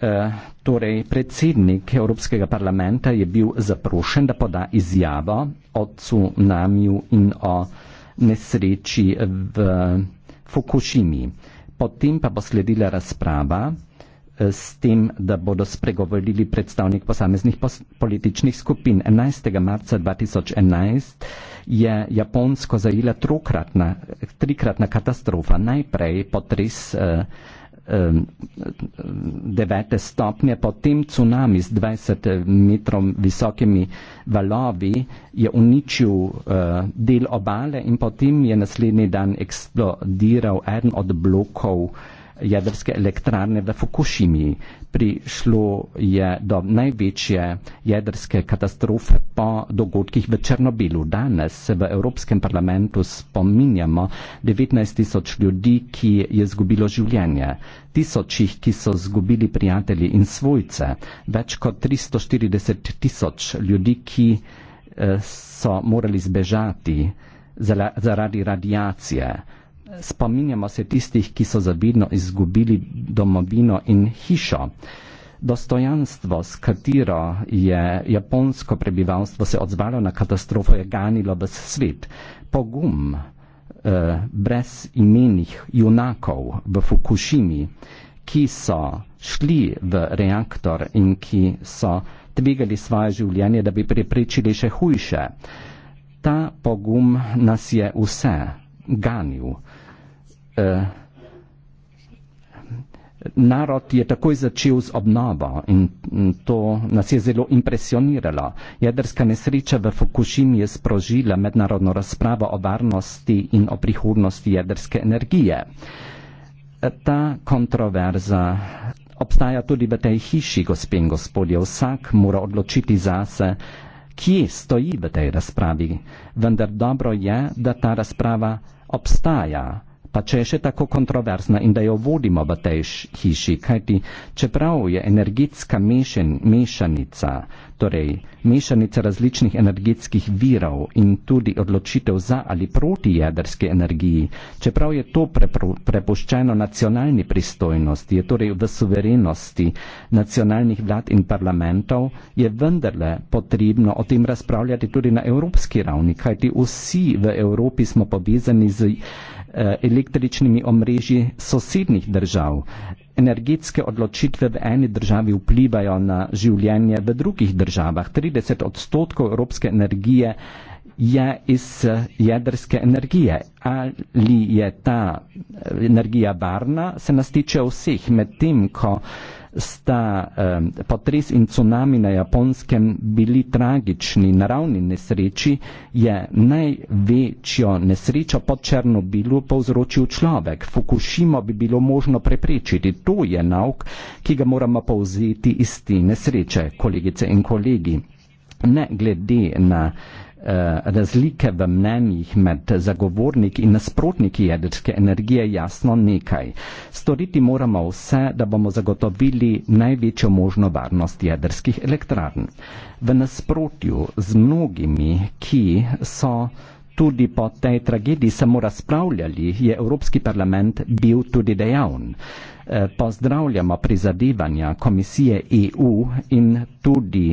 Eh, torej predsednik Evropskega parlamenta je bil zaprošen, da poda izjavo o tsunamiju in o nesreči v Fukushimi. Potem pa bo sledila razprava eh, s tem, da bodo spregovorili predstavnik posameznih pos političnih skupin. 11. marca 2011 je Japonsko zajela trokratna, trikratna katastrofa. Najprej potres eh, devete stopnje, potem tsunami z 20 eh, metrov visokimi valovi je uničil eh, del obale in potem je naslednji dan eksplodiral eden od blokov jedrske elektrarne v Fukushimi. Prišlo je do največje jedrske katastrofe po dogodkih v Černobilu. Danes se v Evropskem parlamentu spominjamo 19 tisoč ljudi, ki je izgubilo življenje, tisočih, ki so izgubili prijatelji in svojce, več kot 340 tisoč ljudi, ki eh, so morali zbežati zaradi radiacije. Spominjamo se tistih, ki so zabidno izgubili domovino in hišo. Dostojanstvo, s katero je japonsko prebivalstvo se odzvalo na katastrofo, je ganilo ves svet. Pogum eh, brez imenih junakov v Fukushimi, ki so šli v reaktor in ki so tvegali svoje življenje, da bi preprečili še hujše. Ta pogum nas je vse ganil. Eh, narod je takoj začel z obnovo in to nas je zelo impresioniralo. Jedrska nesreča v Fukushimi je sprožila mednarodno razpravo o varnosti in o prihodnosti jedrske energije. Eh, ta kontroverza obstaja tudi v tej hiši, gospe in gospodje. Vsak mora odločiti zase, kje stoji v tej razpravi. Vendar dobro je, da ta razprava obstaja pa če je še tako kontroverzna in da jo vodimo v tej hiši, kajti čeprav je energetska mešen, mešanica, torej mešanica različnih energetskih virov in tudi odločitev za ali proti jedrski energiji, čeprav je to prepuščeno nacionalni pristojnosti, je torej v suverenosti nacionalnih vlad in parlamentov, je vendarle potrebno o tem razpravljati tudi na evropski ravni, kajti vsi v Evropi smo povezani z Eh, električnimi omrežji sosednjih držav. Energetske odločitve v eni državi vplivajo na življenje v drugih državah. 30 odstotkov evropske energije je iz eh, jedrske energije. Ali je ta eh, energija varna, se nas tiče vseh, medtem ko sta eh, potres in tsunami na japonskem bili tragični naravni nesreči, je največjo nesrečo pod Černobilu povzročil človek. Fukushima bi bilo možno preprečiti. To je nauk, ki ga moramo povzeti iz te nesreče, kolegice in kolegi. Ne glede na Eh, razlike v mnenjih med zagovorniki in nasprotniki jedrske energije jasno nekaj. Storiti moramo vse, da bomo zagotovili največjo možno varnost jedrskih elektrarn. V nasprotju z mnogimi, ki so tudi po tej tragediji samo razpravljali, je Evropski parlament bil tudi dejavn. Eh, pozdravljamo prizadevanja komisije EU in tudi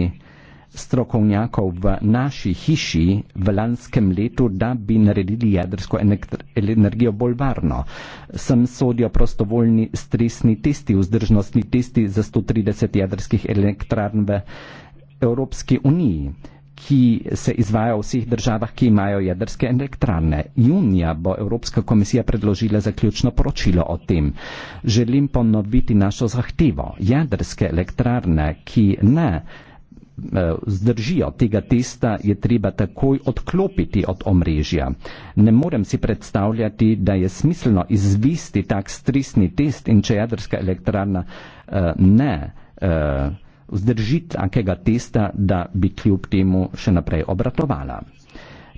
strokovnjakov v naši hiši v lanskem letu, da bi naredili jedrsko energijo bolj varno. Sem sodijo prostovoljni stresni testi, vzdržnostni testi za 130 jedrskih elektrarn v Evropski uniji ki se izvaja v vseh državah, ki imajo jedrske elektrarne. Junija bo Evropska komisija predložila zaključno poročilo o tem. Želim ponoviti našo zahtevo. Jedrske elektrarne, ki ne Eh, zdržijo tega testa, je treba takoj odklopiti od omrežja. Ne morem si predstavljati, da je smiselno izvesti tak stresni test in če jedrska elektrarna eh, ne eh, zdrži takega testa, da bi kljub temu še naprej obratovala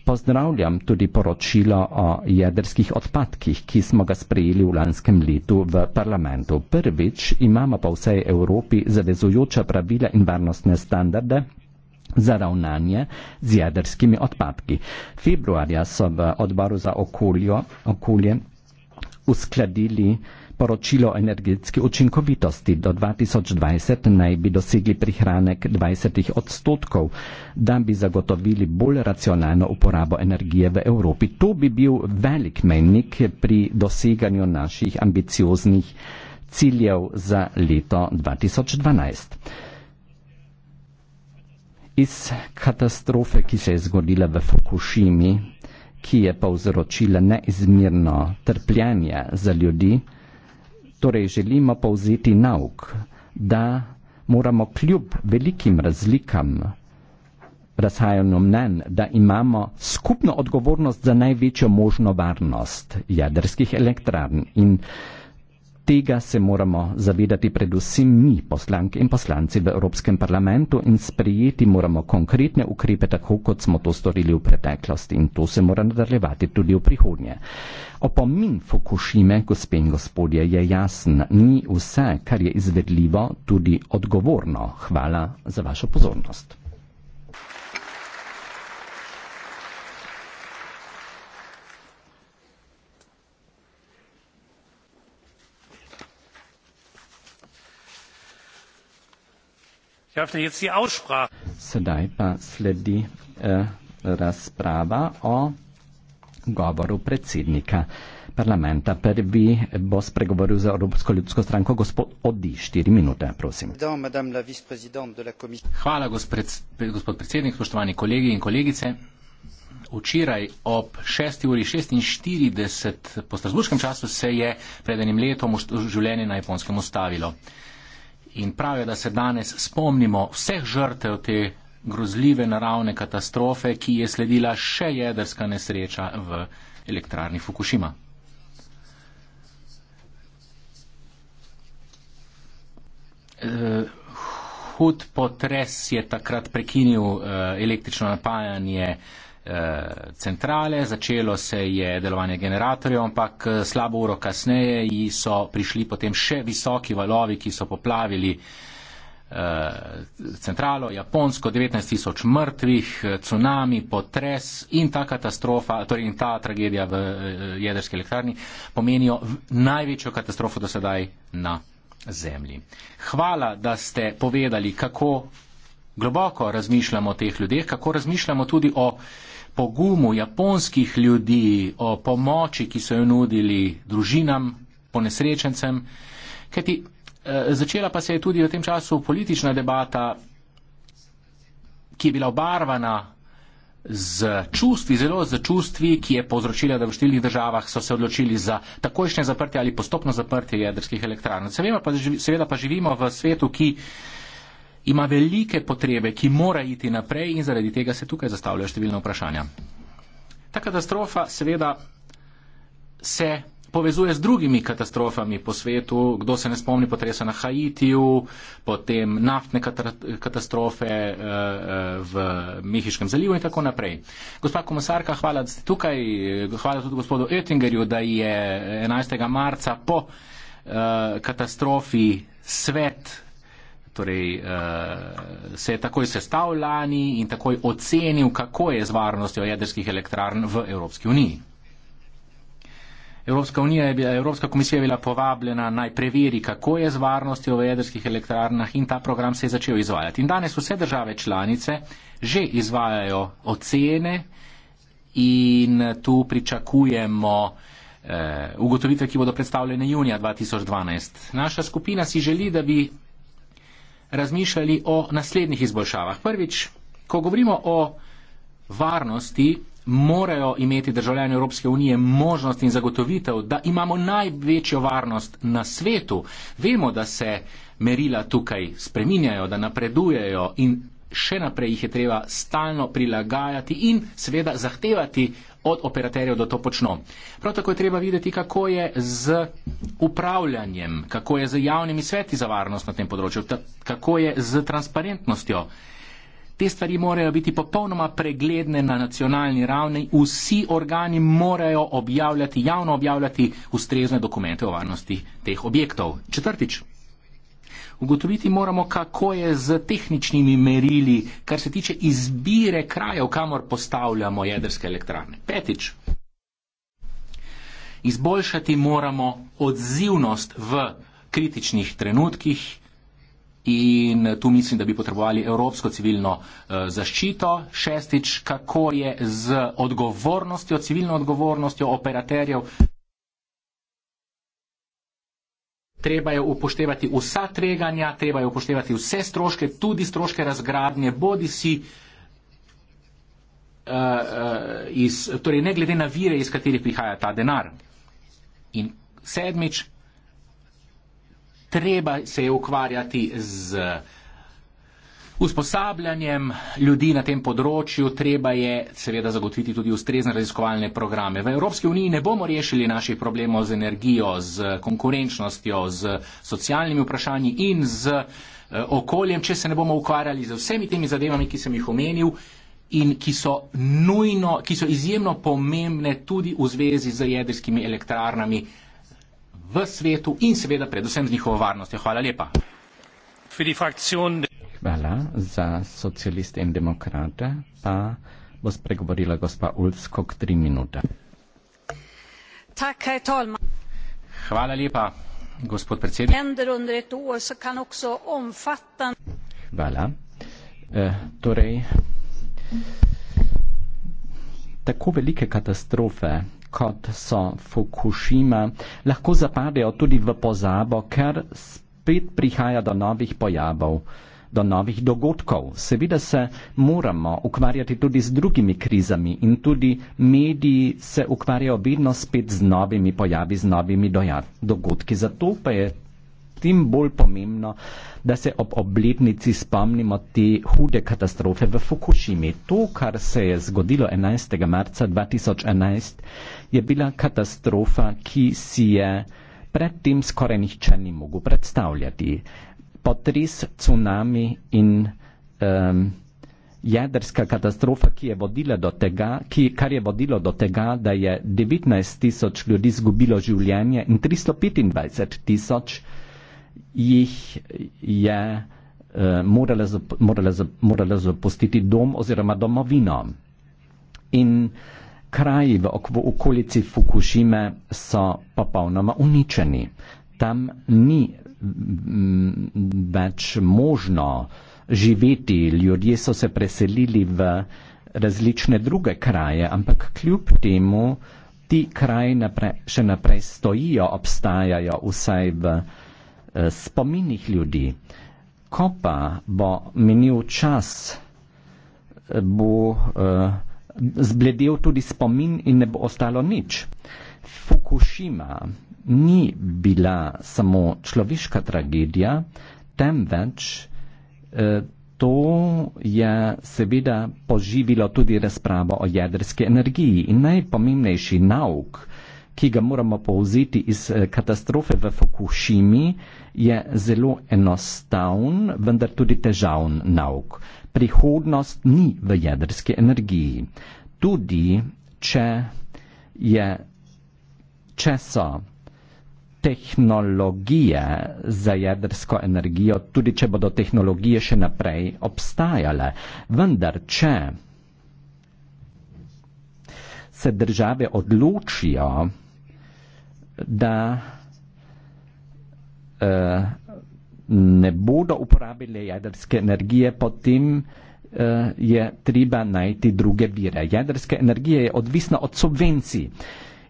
pozdravljam tudi poročilo o jedrskih odpadkih, ki smo ga sprejeli v lanskem letu v parlamentu. Prvič imamo pa vsej Evropi zavezujoča pravila in varnostne standarde za ravnanje z jedrskimi odpadki. Februarja so v odboru za okoljo, okolje uskladili Poročilo o energetski učinkovitosti do 2020 naj bi dosegli prihranek 20 odstotkov, da bi zagotovili bolj racionalno uporabo energije v Evropi. To bi bil velik mejnik pri doseganju naših ambicioznih ciljev za leto 2012. Iz katastrofe, ki se je zgodila v Fukushimi, ki je povzročila neizmirno trpljanje za ljudi, torej želimo povziti nauk, da moramo kljub velikim razlikam, razhajanju mnen, da imamo skupno odgovornost za največjo možno varnost jedrskih elektrarn in elektrarn. Tega se moramo zavedati predvsem mi, poslanke in poslanci v Evropskem parlamentu in sprejeti moramo konkretne ukrepe, tako kot smo to storili v preteklosti in to se mora nadaljevati tudi v prihodnje. Opomin Fukushime, gospe in gospodje, je jasen. Ni vse, kar je izvedljivo, tudi odgovorno. Hvala za vašo pozornost. Sedaj pa sledi eh, razprava o govoru predsednika parlamenta. Prvi bo spregovoril za Evropsko ljudsko stranko gospod Odi. Štiri minute, prosim. Hvala, gospod, gospod predsednik, spoštovani kolegi in kolegice. Včeraj ob 6.46 po strasburskem času se je pred enim letom življenje na japonskem ustavilo. In prav je, da se danes spomnimo vseh žrtev te grozljive naravne katastrofe, ki je sledila še jedrska nesreča v elektrarni Fukushima. Eh, hud potres je takrat prekinil eh, električno napajanje Eh, centrale, začelo se je delovanje generatorjev, ampak eh, slabo uro kasneje so prišli potem še visoki valovi, ki so poplavili eh, centralo Japonsko, 19 tisoč mrtvih, tsunami, potres in ta katastrofa, torej in ta tragedija v jedrski elektrarni pomenijo največjo katastrofo do sedaj na Zemlji. Hvala, da ste povedali, kako globoko razmišljamo o teh ljudeh, kako razmišljamo tudi o pogumu japonskih ljudi, o pomoči, ki so jo nudili družinam, ponesrečencem. Kajti eh, začela pa se je tudi v tem času politična debata, ki je bila obarvana z čustvi, zelo z čustvi, ki je povzročila, da v številnih državah so se odločili za takojšnje zaprtje ali postopno zaprtje jedrskih elektrarn. Seveda pa živimo v svetu, ki ima velike potrebe, ki mora iti naprej in zaradi tega se tukaj zastavljajo številne vprašanja. Ta katastrofa seveda se povezuje z drugimi katastrofami po svetu, kdo se ne spomni potresa na Haitiju, potem naftne katastrofe eh, eh, v Mehiškem zalivu in tako naprej. Gospa komisarka, hvala, da ste tukaj, hvala tudi gospodu Oettingerju, da je 11. marca po eh, katastrofi svet torej, uh, se je takoj sestav lani in takoj ocenil, kako je z varnostjo jedrskih elektrarn v Evropski uniji. Evropska, je bila, Evropska komisija je bila povabljena naj preveri, kako je z varnostjo v jedrskih elektrarnah in ta program se je začel izvajati. In danes vse države članice že izvajajo ocene in tu pričakujemo eh, ugotovitve, ki bodo predstavljene junija 2012. Naša skupina si želi, da bi razmišljali o naslednjih izboljšavah. Prvič, ko govorimo o varnosti, morajo imeti državljani Evropske unije možnost in zagotovitev, da imamo največjo varnost na svetu. Vemo, da se merila tukaj spreminjajo, da napredujejo in še naprej jih je treba stalno prilagajati in seveda zahtevati od operaterjev, da to počno. Prav tako je treba videti, kako je z upravljanjem, kako je z javnimi sveti za varnost na tem področju, kako je z transparentnostjo. Te stvari morajo biti popolnoma pregledne na nacionalni ravni. Vsi organi morajo objavljati, javno objavljati ustrezne dokumente o varnosti teh objektov. Četrtič, Ugotoviti moramo, kako je z tehničnimi merili, kar se tiče izbire krajev, kamor postavljamo jedrske elektrarne. Petič. Izboljšati moramo odzivnost v kritičnih trenutkih in tu mislim, da bi potrebovali evropsko civilno eh, zaščito. Šestič, kako je z odgovornostjo, civilno odgovornostjo operaterjev. treba je upoštevati vsa treganja, treba je upoštevati vse stroške, tudi stroške razgradnje, bodi si eh, eh, Iz, torej ne glede na vire, iz katerih prihaja ta denar. In sedmič, treba se je ukvarjati z uh, usposabljanjem ljudi na tem področju treba je seveda zagotoviti tudi ustrezne raziskovalne programe. V Evropski uniji ne bomo rešili naših problemov z energijo, z konkurenčnostjo, z socialnimi vprašanji in z eh, okoljem, če se ne bomo ukvarjali z vsemi temi zadevami, ki sem jih omenil in ki so, nujno, ki so izjemno pomembne tudi v zvezi z jedrskimi elektrarnami v svetu in seveda predvsem z njihovo varnostjo. Hvala lepa. Für die Fraktion der Bala za socialiste in demokrate, pa bo spregovorila gospa Ulskog tri minute. Tako je tolma. Hvala lepa, gospod predsednik. Hvala. E, torej, tako velike katastrofe, kot so Fukushima, lahko zapadejo tudi v pozabo, ker spet prihaja do novih pojavov do novih dogodkov. Seveda se moramo ukvarjati tudi z drugimi krizami in tudi mediji se ukvarjajo vedno spet z novimi pojavi, z novimi dogodki. Zato pa je tem bolj pomembno, da se ob obletnici spomnimo te hude katastrofe v Fukushimi. To, kar se je zgodilo 11. marca 2011, je bila katastrofa, ki si je predtem skoraj nihče ni mogel predstavljati potres, tsunami in um, jedrska katastrofa, ki je vodila do tega, ki, kar je vodilo do tega, da je 19 tisoč ljudi izgubilo življenje in 325 tisoč jih je uh, morala zapustiti dom oziroma domovino. In kraji v okolici Fukushime so popolnoma uničeni. Tam ni več možno živeti. Ljudje so se preselili v različne druge kraje, ampak kljub temu ti kraji napre, še naprej stojijo, obstajajo vsaj v eh, spominih ljudi. Ko pa bo menil čas, eh, bo eh, zbledel tudi spomin in ne bo ostalo nič. Eh, Fukushima ni bila samo človeška tragedija, temveč eh, to je seveda poživilo tudi razpravo o jedrski energiji in najpomembnejši nauk ki ga moramo povziti iz eh, katastrofe v Fukushimi, je zelo enostavn, vendar tudi težavn nauk. Prihodnost ni v jedrski energiji. Tudi, če je česo tehnologije za jedrsko energijo, tudi če bodo tehnologije še naprej obstajale. Vendar, če se države odločijo, da eh, ne bodo uporabili jedrske energije, potem eh, je treba najti druge vire. Jedrske energije je odvisna od subvencij.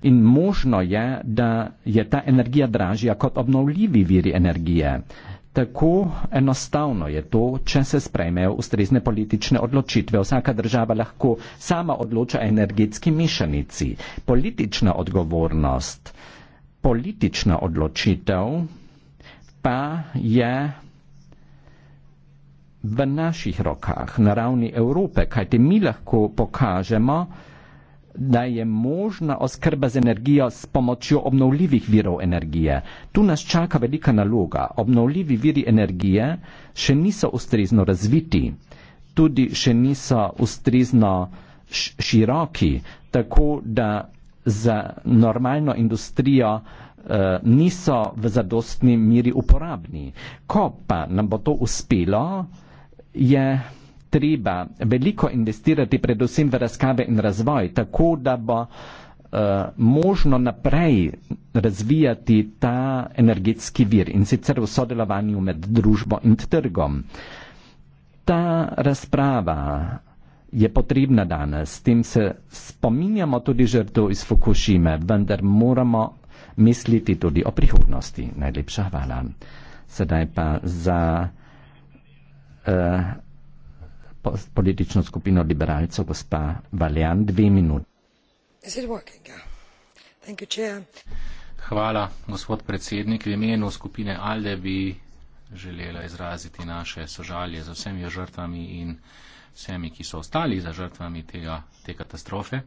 In možno je, da je ta energija dražja kot obnovljivi viri energije. Tako enostavno je to, če se sprejmejo ustrezne politične odločitve. Vsaka država lahko sama odloča energetski mišanici. Politična odgovornost, politična odločitev pa je v naših rokah, na ravni Evrope, kajti mi lahko pokažemo, da je možna oskrba z energijo s pomočjo obnovljivih virov energije. Tu nas čaka velika naloga. Obnovljivi viri energije še niso ustrezno razviti, tudi še niso ustrezno široki, tako da za normalno industrijo eh, niso v zadostni miri uporabni. Ko pa nam bo to uspelo, je treba veliko investirati predvsem v razkave in razvoj, tako da bo eh, možno naprej razvijati ta energetski vir in sicer v sodelovanju med družbo in trgom. Ta razprava je potrebna danes, s tem se spominjamo tudi žrtev iz Fukushime, vendar moramo misliti tudi o prihodnosti. Najlepša hvala. Sedaj pa za uh, politično skupino liberalcev, gospa Valjan, dve minuti. Hvala, gospod predsednik. V imenu skupine Alde bi želela izraziti naše sožalje za vsemi žrtvami in vsemi, ki so ostali za žrtvami tega, te katastrofe.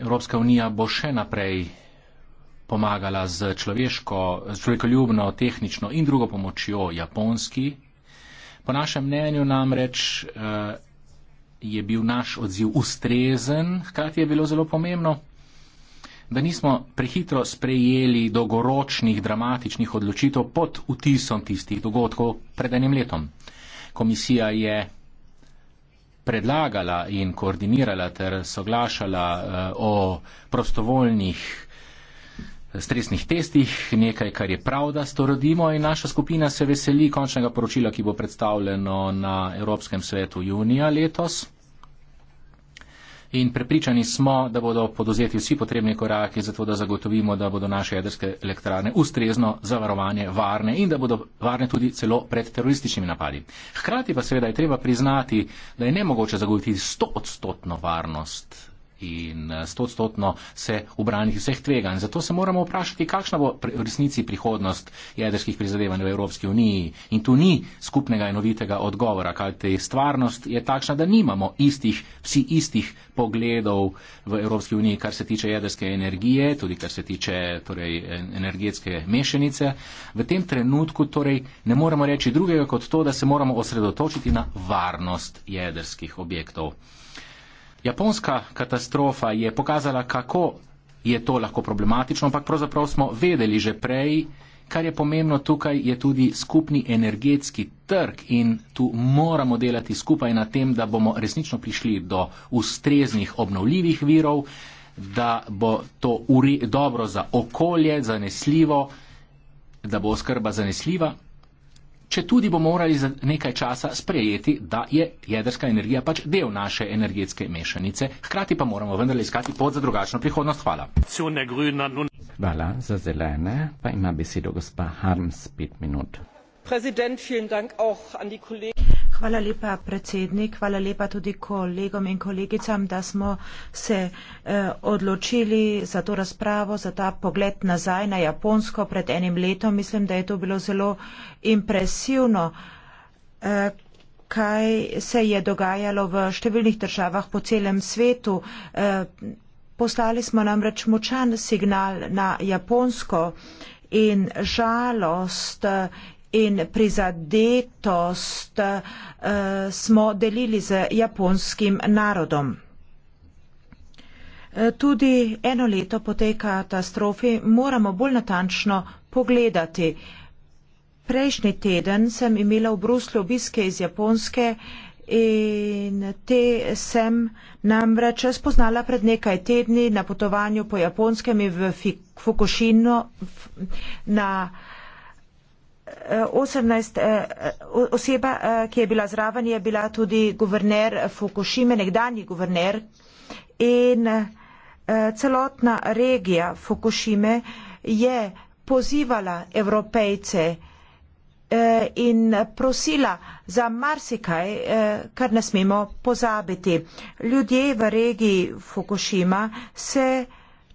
Evropska unija bo še naprej pomagala z človeško, z človekoljubno, tehnično in drugo pomočjo Japonski, Po našem mnenju namreč eh, je bil naš odziv ustrezen, hkrati je bilo zelo pomembno, da nismo prehitro sprejeli dolgoročnih dramatičnih odločitev pod vtisom tistih dogodkov pred enim letom. Komisija je predlagala in koordinirala ter soglašala eh, o prostovoljnih stresnih testih, nekaj, kar je prav, da to rodimo in naša skupina se veseli končnega poročila, ki bo predstavljeno na Evropskem svetu junija letos. In prepričani smo, da bodo podozeti vsi potrebni koraki za to, da zagotovimo, da bodo naše jedrske elektrane ustrezno zavarovanje varne in da bodo varne tudi celo pred terorističnimi napadi. Hkrati pa seveda je treba priznati, da je nemogoče zagotoviti 100-odstotno varnost in eh, stotstotno se obraniti vseh tveganj. Zato se moramo vprašati, kakšna bo v resnici prihodnost jedrskih prizadevanj v Evropski uniji. In tu ni skupnega enovitega odgovora, kajte stvarnost je takšna, da nimamo istih, vsi istih pogledov v Evropski uniji, kar se tiče jedrske energije, tudi kar se tiče torej, energetske mešanice. V tem trenutku torej, ne moremo reči drugega kot to, da se moramo osredotočiti na varnost jedrskih objektov. Japonska katastrofa je pokazala, kako je to lahko problematično, ampak pravzaprav smo vedeli že prej, kar je pomembno tukaj, je tudi skupni energetski trg in tu moramo delati skupaj na tem, da bomo resnično prišli do ustreznih obnovljivih virov, da bo to dobro za okolje, zanesljivo, da bo oskrba zanesljiva če tudi bomo morali za nekaj časa sprejeti, da je jedrska energija pač del naše energetske mešanice, hkrati pa moramo vendarle iskati pot za drugačno prihodnost. Hvala. Hvala za zelene, pa ima besedo gospa Harms pet minut. Hvala lepa, predsednik. Hvala lepa tudi kolegom in kolegicam, da smo se eh, odločili za to razpravo, za ta pogled nazaj na Japonsko pred enim letom. Mislim, da je to bilo zelo impresivno, eh, kaj se je dogajalo v številnih državah po celem svetu. Eh, Poslali smo namreč močan signal na Japonsko in žalost eh, in prizadetost uh, smo delili z japonskim narodom. Eh, tudi eno leto po tej katastrofi moramo bolj natančno pogledati. Prejšnji teden sem imela v Bruslju obiske iz Japonske in te sem namreč spoznala pred nekaj tedni na potovanju po Japonskem in v Fukushino na uh, 18 eh, eh, oseba, eh, ki je bila zraven, je bila tudi guverner Fukushime, nekdani guverner in celotna regija Fukushime je pozivala evropejce in prosila za marsikaj, kar ne smemo pozabiti. Ljudje v regiji Fukushima se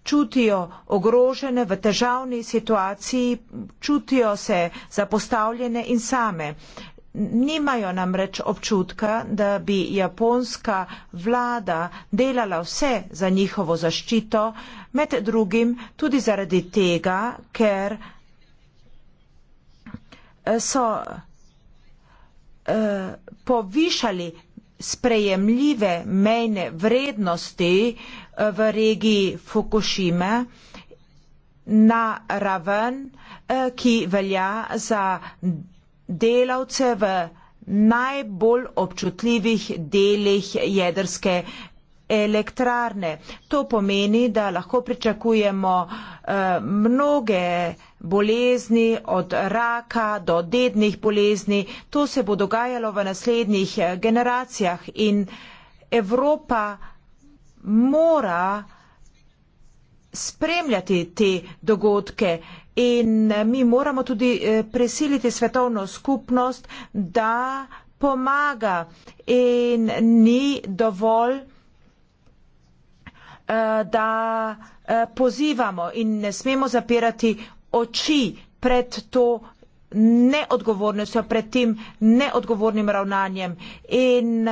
čutijo ogrožene v težavni situaciji, čutijo se zapostavljene in same. Nimajo namreč občutka, da bi japonska vlada delala vse za njihovo zaščito, med drugim tudi zaradi tega, ker eh, so eh, povišali sprejemljive mejne vrednosti eh, v regiji Fukushime na raven, eh, ki velja za delavce v najbolj občutljivih delih jedrske elektrarne. To pomeni, da lahko pričakujemo eh, mnoge bolezni od raka do dednih bolezni. To se bo dogajalo v naslednjih eh, generacijah in Evropa mora spremljati te dogodke in mi moramo tudi eh, presiliti svetovno skupnost, da pomaga in ni dovolj, eh, da eh, pozivamo in ne smemo zapirati oči pred to neodgovornostjo, pred tem neodgovornim ravnanjem in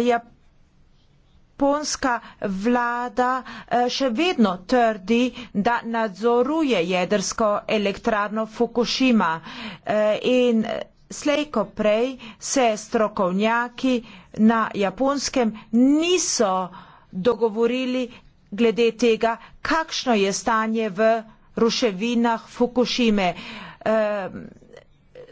Japonska vlada eh, še vedno trdi, da nadzoruje jedrsko elektrarno Fukushima eh, in slejko prej se strokovnjaki na japonskem niso dogovorili glede tega, kakšno je stanje v ruševinah Fukushime. Eh,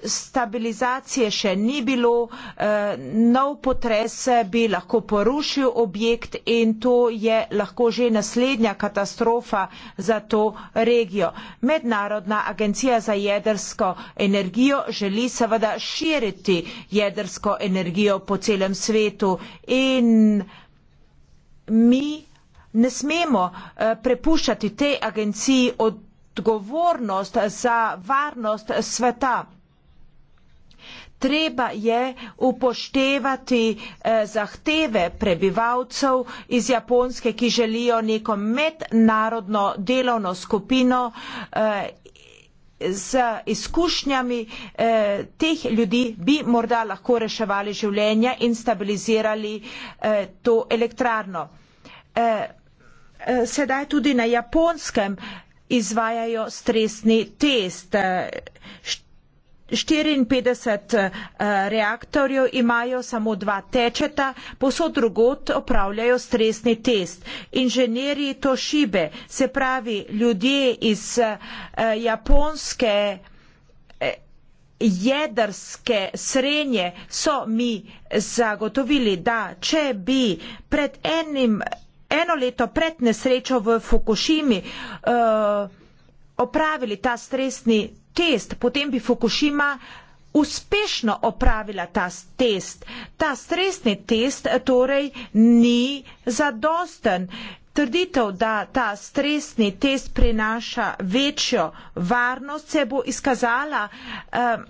stabilizacije še ni bilo, eh, nov potres bi lahko porušil objekt in to je lahko že naslednja katastrofa za to regijo. Mednarodna agencija za jedrsko energijo želi seveda širiti jedrsko energijo po celem svetu in mi ne smemo eh, prepuščati tej agenciji odgovornost za varnost sveta treba je upoštevati eh, zahteve prebivalcev iz Japonske, ki želijo neko mednarodno delovno skupino eh, z izkušnjami eh, teh ljudi bi morda lahko reševali življenja in stabilizirali to elektrarno. Sedaj tudi na japonskem izvajajo stresni test. 54 eh, reaktorjev imajo samo dva tečeta, posod drugot opravljajo stresni test. Inženirji to šibe, se pravi ljudje iz eh, japonske eh, jedrske srenje so mi zagotovili, da če bi pred enim, eno leto pred nesrečo v Fukushimi uh, opravili ta stresni test, potem bi Fukushima uspešno opravila ta test. Ta stresni test eh, torej ni zadosten. Trditev, da ta stresni test prinaša večjo varnost, se bo izkazala um,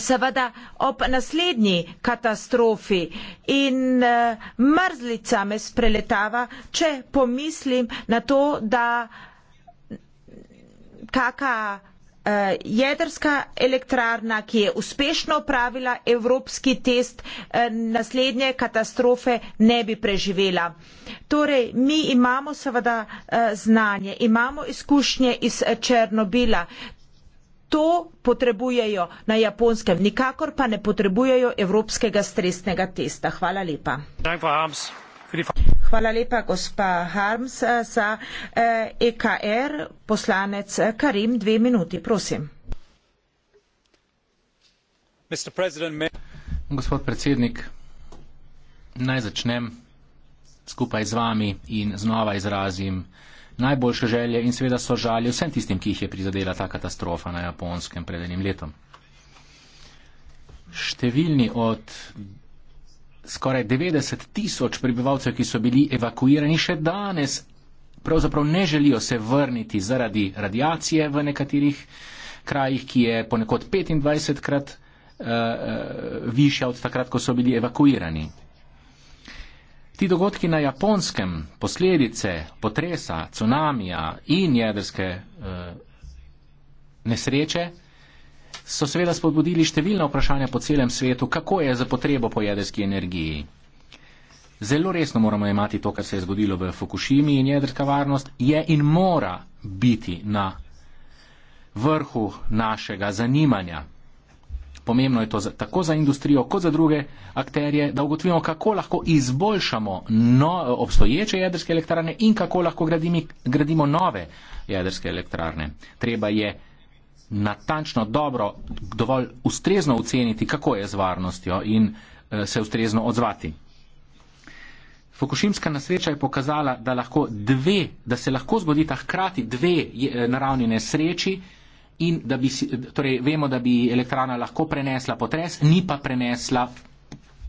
seveda ob naslednji katastrofi in uh, mrzlica me spreletava, če pomislim na to, da kakšna Eh, jedrska elektrarna, ki je uspešno upravila evropski test, eh, naslednje katastrofe ne bi preživela. Torej, mi imamo seveda eh, znanje, imamo izkušnje iz Černobila. To potrebujejo na japonskem, nikakor pa ne potrebujejo evropskega stresnega testa. Hvala lepa. Hvala lepa, gospa Harms, eh, za EKR. Eh, e Poslanec eh, Karim, dve minuti, prosim. Gospod predsednik, naj začnem skupaj z vami in znova izrazim najboljše želje in seveda so žalje vsem tistim, ki jih je prizadela ta katastrofa na japonskem pred enim letom. Številni od skoraj 90 tisoč prebivalcev, ki so bili evakuirani še danes, pravzaprav ne želijo se vrniti zaradi radiacije v nekaterih krajih, ki je ponekod 25 krat uh, višja od takrat, ko so bili evakuirani. Ti dogodki na japonskem, posledice potresa, cunamija in jedrske uh, nesreče, so seveda spodbudili številna vprašanja po celem svetu, kako je za potrebo po jedrski energiji. Zelo resno moramo imati to, kar se je zgodilo v Fukushimi in jedrska varnost je in mora biti na vrhu našega zanimanja. Pomembno je to za, tako za industrijo kot za druge akterje, da ugotovimo, kako lahko izboljšamo no, obstoječe jedrske elektrarne in kako lahko gradimi, gradimo nove jedrske elektrarne. Treba je natančno, dobro, dovolj ustrezno oceniti, kako je z varnostjo in eh, se ustrezno odzvati. Fukushimska nasreča je pokazala, da, lahko dve, da se lahko zgodita hkrati dve eh, naravni nesreči in da bi, torej vemo, da bi elektrana lahko prenesla potres, ni pa prenesla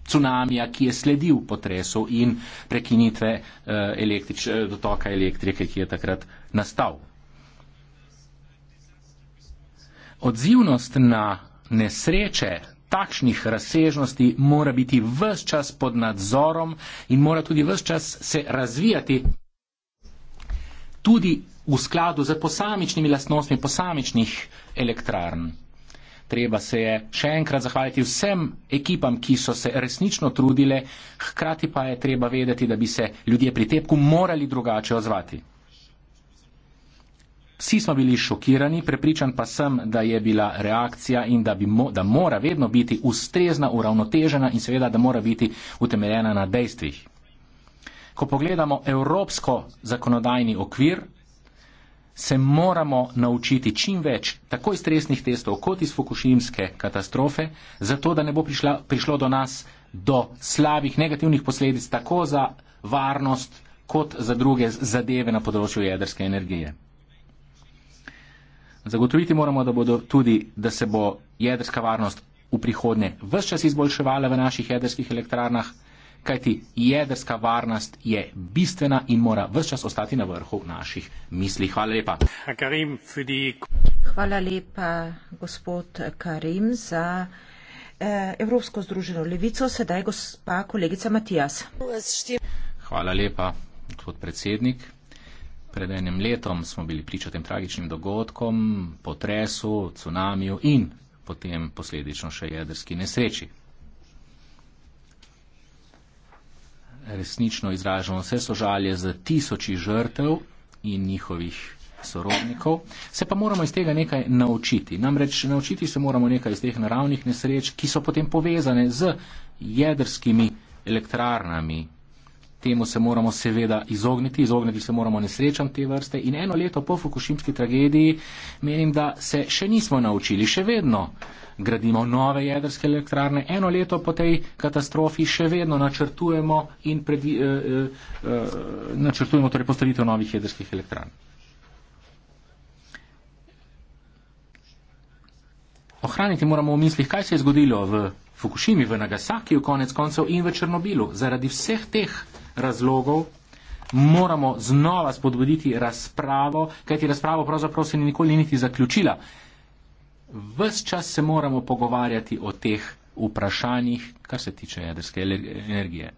tsunamija, ki je sledil potresu in prekinitve eh, električ, dotoka elektrike, ki je takrat nastal. odzivnost na nesreče takšnih razsežnosti mora biti v vse čas pod nadzorom in mora tudi v vse čas se razvijati tudi v skladu z posamičnimi lastnostmi posamičnih elektrarn. Treba se je še enkrat zahvaliti vsem ekipam, ki so se resnično trudile, hkrati pa je treba vedeti, da bi se ljudje pri tepku morali drugače ozvati. Vsi smo bili šokirani, prepričan pa sem, da je bila reakcija in da, bi mo, da mora vedno biti ustrezna, uravnotežena in seveda, da mora biti utemeljena na dejstvih. Ko pogledamo evropsko zakonodajni okvir, se moramo naučiti čim več tako iz stresnih testov kot iz fukušimske katastrofe, zato da ne bo prišla, prišlo do nas do slabih negativnih posledic tako za varnost kot za druge zadeve na področju jedrske energije. Zagotoviti moramo, da, tudi, da se bo jedrska varnost v prihodnje vse čas izboljševala v naših jedrskih elektrarnah, kajti jedrska varnost je bistvena in mora vse čas ostati na vrhu naših misli. Hvala lepa. Hvala lepa, gospod Karim, za eh, Evropsko združeno levico. Sedaj gospa kolegica Matijas. Hvala lepa, gospod predsednik. Pred enim letom smo bili priča tem tragičnim dogodkom, potresu, cunamiju in potem posledično še jedrski nesreči. Resnično izražamo vse sožalje za tisoči žrtev in njihovih sorodnikov. Se pa moramo iz tega nekaj naučiti. Namreč naučiti se moramo nekaj iz teh naravnih nesreč, ki so potem povezane z jedrskimi elektrarnami temu se moramo seveda izogniti, izogniti se moramo nesrečam te vrste in eno leto po fukušimski tragediji menim, da se še nismo naučili, še vedno gradimo nove jedrske elektrarne, eno leto po tej katastrofi še vedno načrtujemo, predvi, eh, eh, eh, načrtujemo torej postavitev novih jedrskih elektrarn. Ohraniti moramo v mislih, kaj se je zgodilo v Fukushimi, v Nagasakiju konec koncev in v Černobilu. Zaradi vseh teh razlogov moramo znova spodbuditi razpravo, kajti razpravo pravzaprav se ni nikoli niti zaključila. Ves čas se moramo pogovarjati o teh vprašanjih, kar se tiče jedrske energije.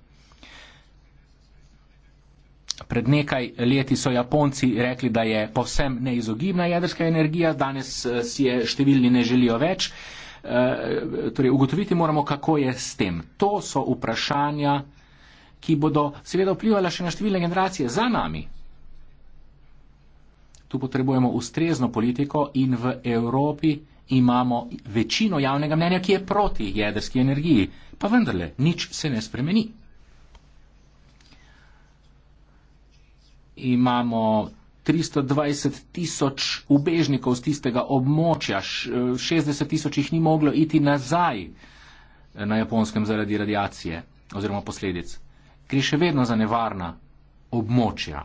Pred nekaj leti so Japonci rekli, da je povsem neizogibna jedrska energija, danes eh, si je številni ne želijo več. E, torej, ugotoviti moramo, kako je s tem. To so vprašanja, ki bodo seveda vplivala še na številne generacije za nami. Tu potrebujemo ustrezno politiko in v Evropi imamo večino javnega mnenja, ki je proti jedrski energiji. Pa vendarle, nič se ne spremeni. Imamo 320 tisoč ubežnikov z tistega območja, 60 tisoč jih ni moglo iti nazaj na japonskem zaradi radiacije oziroma posledic gre še vedno za nevarna območja.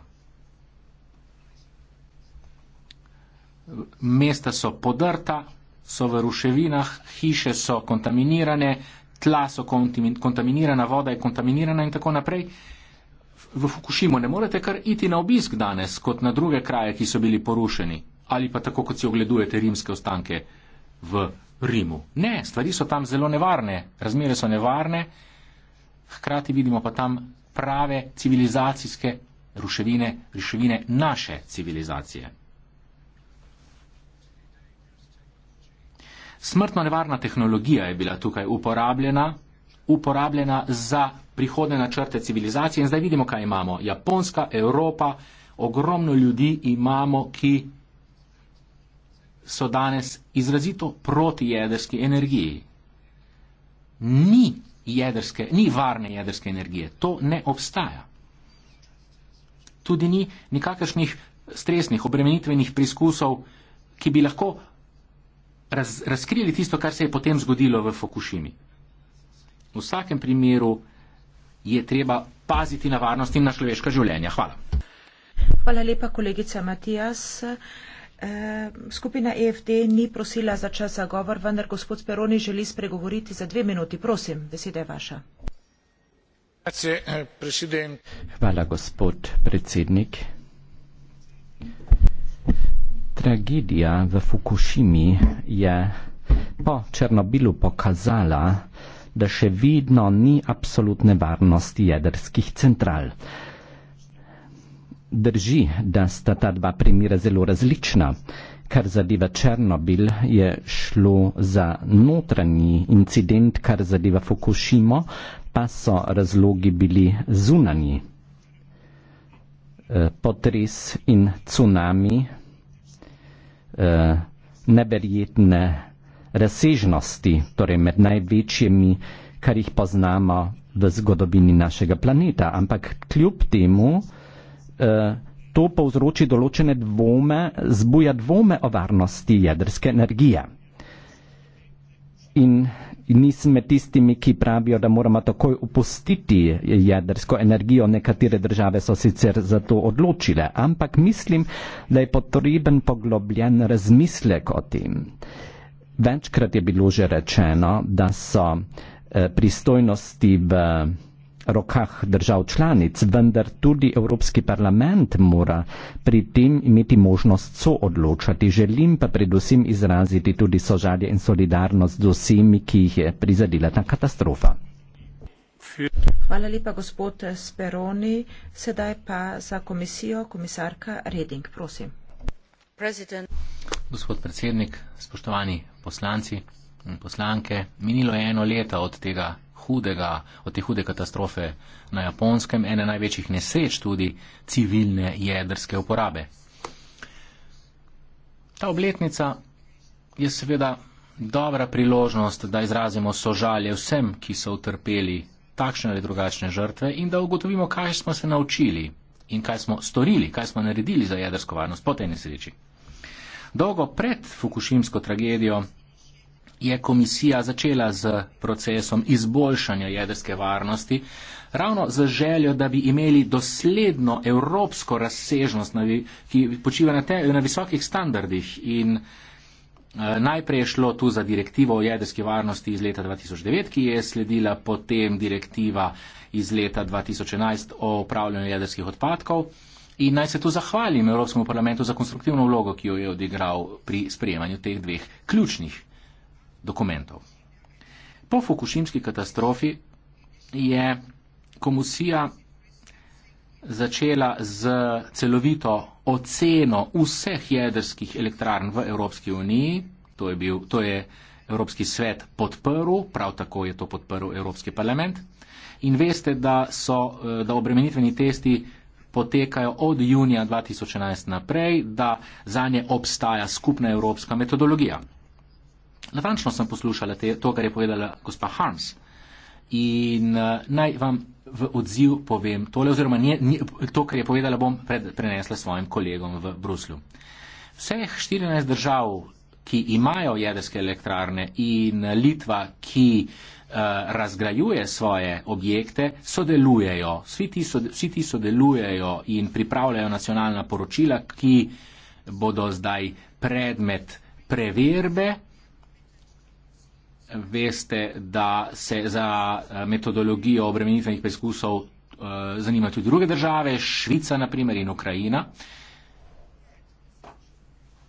Mesta so podrta, so v ruševinah, hiše so kontaminirane, tla so kontaminirana, voda je kontaminirana in tako naprej. V Fukushimo ne morete kar iti na obisk danes, kot na druge kraje, ki so bili porušeni, ali pa tako, kot si ogledujete rimske ostanke v Rimu. Ne, stvari so tam zelo nevarne, razmere so nevarne hkrati vidimo pa tam prave civilizacijske ruševine, ruševine naše civilizacije. Smrtno nevarna tehnologija je bila tukaj uporabljena, uporabljena za prihodne načrte civilizacije in zdaj vidimo, kaj imamo. Japonska, Evropa, ogromno ljudi imamo, ki so danes izrazito proti jedrski energiji. Ni jedrske, ni varne jedrske energije. To ne obstaja. Tudi ni nikakršnih stresnih, obremenitvenih priskusov, ki bi lahko raz, razkrili tisto, kar se je potem zgodilo v Fukushimi. V vsakem primeru je treba paziti na varnost in na človeška življenja. Hvala. Hvala lepa, kolegica Matijas. Skupina EFD ni prosila za čas za govor, vendar gospod Speroni želi spregovoriti za dve minuti. Prosim, beseda je vaša. Eh, Hvala, gospod predsednik. Tragedija v Fukushimi je po Černobilu pokazala, da še vedno ni absolutne varnosti jedrskih centralov. Drži, da sta ta dva primera zelo različna. Kar zadeva Černobil, je šlo za notranji incident, kar zadeva Fukushimo, pa so razlogi bili zunanji. E, potres in cunami, e, neverjetne razsežnosti, torej med največjimi, kar jih poznamo v zgodovini našega planeta, ampak kljub temu, Eh, to povzroči določene dvome, zbuja dvome o varnosti jedrske energije. In nismo tistimi, ki pravijo, da moramo takoj upustiti jedrsko energijo. Nekatere države so sicer za to odločile, ampak mislim, da je potreben poglobljen razmislek o tem. Večkrat je bilo že rečeno, da so eh, pristojnosti v rokah držav članic, vendar tudi Evropski parlament mora pri tem imeti možnost so odločati. Želim pa predvsem izraziti tudi sožalje in solidarnost z vsemi, ki jih je prizadila ta katastrofa. Hvala lepa, gospod Speroni. Sedaj pa za komisijo komisarka Reding, prosim. President. Gospod predsednik, spoštovani poslanci in poslanke, minilo je eno leto od tega hudega, od te hude katastrofe na japonskem, ene največjih nesreč tudi civilne jedrske uporabe. Ta obletnica je seveda dobra priložnost, da izrazimo sožalje vsem, ki so utrpeli takšne ali drugačne žrtve in da ugotovimo, kaj smo se naučili in kaj smo storili, kaj smo naredili za jedrsko varnost po tej nesreči. Dolgo pred fukušimsko tragedijo je komisija začela z procesom izboljšanja jedrske varnosti, ravno za željo, da bi imeli dosledno evropsko razsežnost, ki počiva na, te, na visokih standardih. In eh, najprej je šlo tu za direktivo o jedrski varnosti iz leta 2009, ki je sledila potem direktiva iz leta 2011 o upravljanju jedrskih odpadkov. In naj se tu zahvalim Evropskemu parlamentu za konstruktivno vlogo, ki jo je odigral pri sprejemanju teh dveh ključnih dokumentov. Po fukušimski katastrofi je komisija začela z celovito oceno vseh jedrskih elektrarn v Evropski uniji. To je, bil, to je Evropski svet podprl, prav tako je to podprl Evropski parlament. In veste, da, so, da obremenitveni testi potekajo od junija 2011 naprej, da za nje obstaja skupna evropska metodologija. Natančno sem poslušala te, to, kar je povedala gospa Harms. In uh, naj vam v odziv povem tole, oziroma nje, nje, to, kar je povedala, bom pred, prenesla svojim kolegom v Bruslju. Vseh 14 držav, ki imajo jedrske elektrarne in eh, Litva, ki uh, razgrajuje svoje objekte, sodelujejo. Vsi ti, so, vsi ti sodelujejo in pripravljajo nacionalna poročila, ki bodo zdaj predmet preverbe veste, da se za eh, metodologijo obremenitvenih preizkusov eh, zanimajo tudi druge države, Švica naprimer in Ukrajina.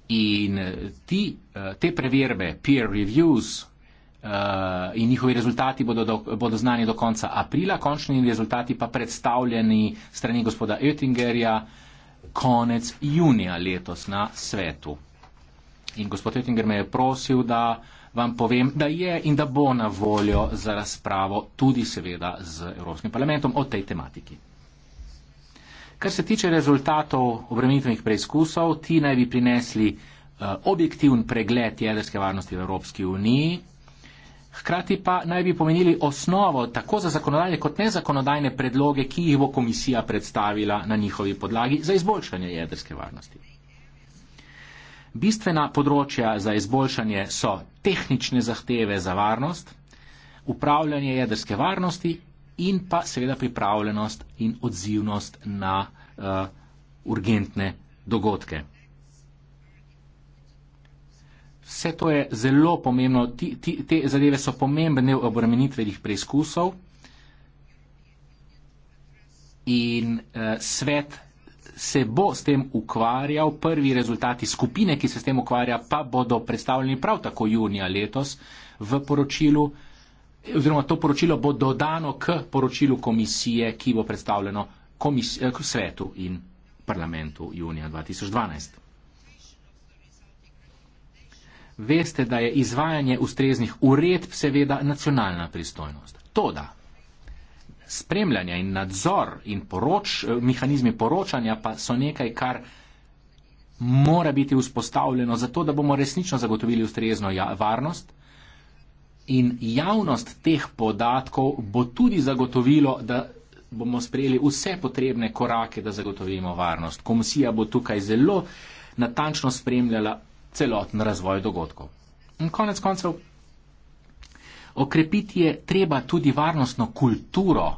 In eh, ti, te preverbe, peer reviews in njihovi rezultati bodo, do, bodo znani do konca aprila, končni rezultati pa predstavljeni strani gospoda Oettingerja konec junija letos na svetu. In gospod Oettinger me je prosil, da uh, vam povem, da je in da bo na voljo za razpravo tudi seveda z Evropskim parlamentom o tej tematiki. Kar se tiče rezultatov obremenitvenih preizkusov, ti naj bi prinesli eh, objektivn pregled jedrske varnosti v Evropski uniji, hkrati pa naj bi pomenili osnovo tako za zakonodajne kot nezakonodajne predloge, ki jih bo komisija predstavila na njihovi podlagi za izboljšanje jedrske varnosti. Bistvena področja za izboljšanje so tehnične zahteve za varnost, upravljanje jedrske varnosti in pa seveda pripravljenost in odzivnost na uh, urgentne dogodke. Vse to je zelo pomembno, ti, ti, te zadeve so pomembne v obremenitvenih preizkusov in uh, svet se bo s tem ukvarjal, prvi rezultati skupine, ki se s tem ukvarja, pa bodo predstavljeni prav tako junija letos v poročilu, oziroma to poročilo bo dodano k poročilu komisije, ki bo predstavljeno komis, eh, k svetu in parlamentu junija 2012. Veste, da je izvajanje ustreznih uredb seveda nacionalna pristojnost. Toda, spremljanja in nadzor in poroč, eh, mehanizmi poročanja pa so nekaj, kar mora biti vzpostavljeno zato, da bomo resnično zagotovili ustrezno ja-, varnost in javnost teh podatkov bo tudi zagotovilo, da bomo sprejeli vse potrebne korake, da zagotovimo varnost. Komisija bo tukaj zelo natančno spremljala celoten razvoj dogodkov. In konec koncev, okrepiti je treba tudi varnostno kulturo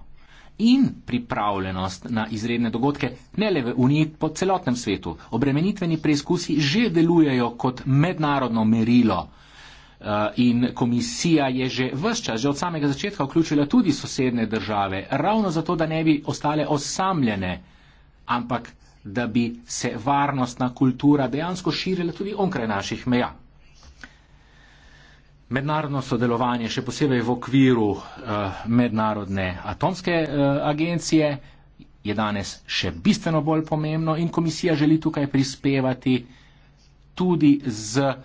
in pripravljenost na izredne dogodke, ne le v Uniji, po celotnem svetu. Obremenitveni preizkusi že delujejo kot mednarodno merilo eh, in komisija je že vse čas, že od samega začetka, vključila tudi sosedne države, ravno zato, da ne bi ostale osamljene, ampak da bi se varnostna kultura dejansko širila tudi onkraj naših meja mednarodno sodelovanje, še posebej v okviru eh, mednarodne atomske eh, agencije, je danes še bistveno bolj pomembno in komisija želi tukaj prispevati tudi z eh,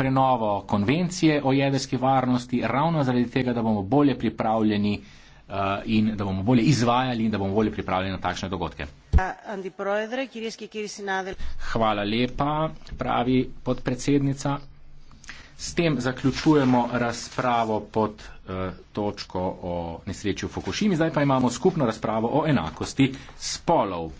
prenovo konvencije o jedrski varnosti, ravno zaradi tega, da bomo bolje pripravljeni in da bomo bolje izvajali in da bomo bolje pripravljeni na takšne dogodke. Hvala lepa, pravi podpredsednica. S tem zaključujemo razpravo pod uh, točko o nesreči v Fukushimi. Zdaj pa imamo skupno razpravo o enakosti spolov.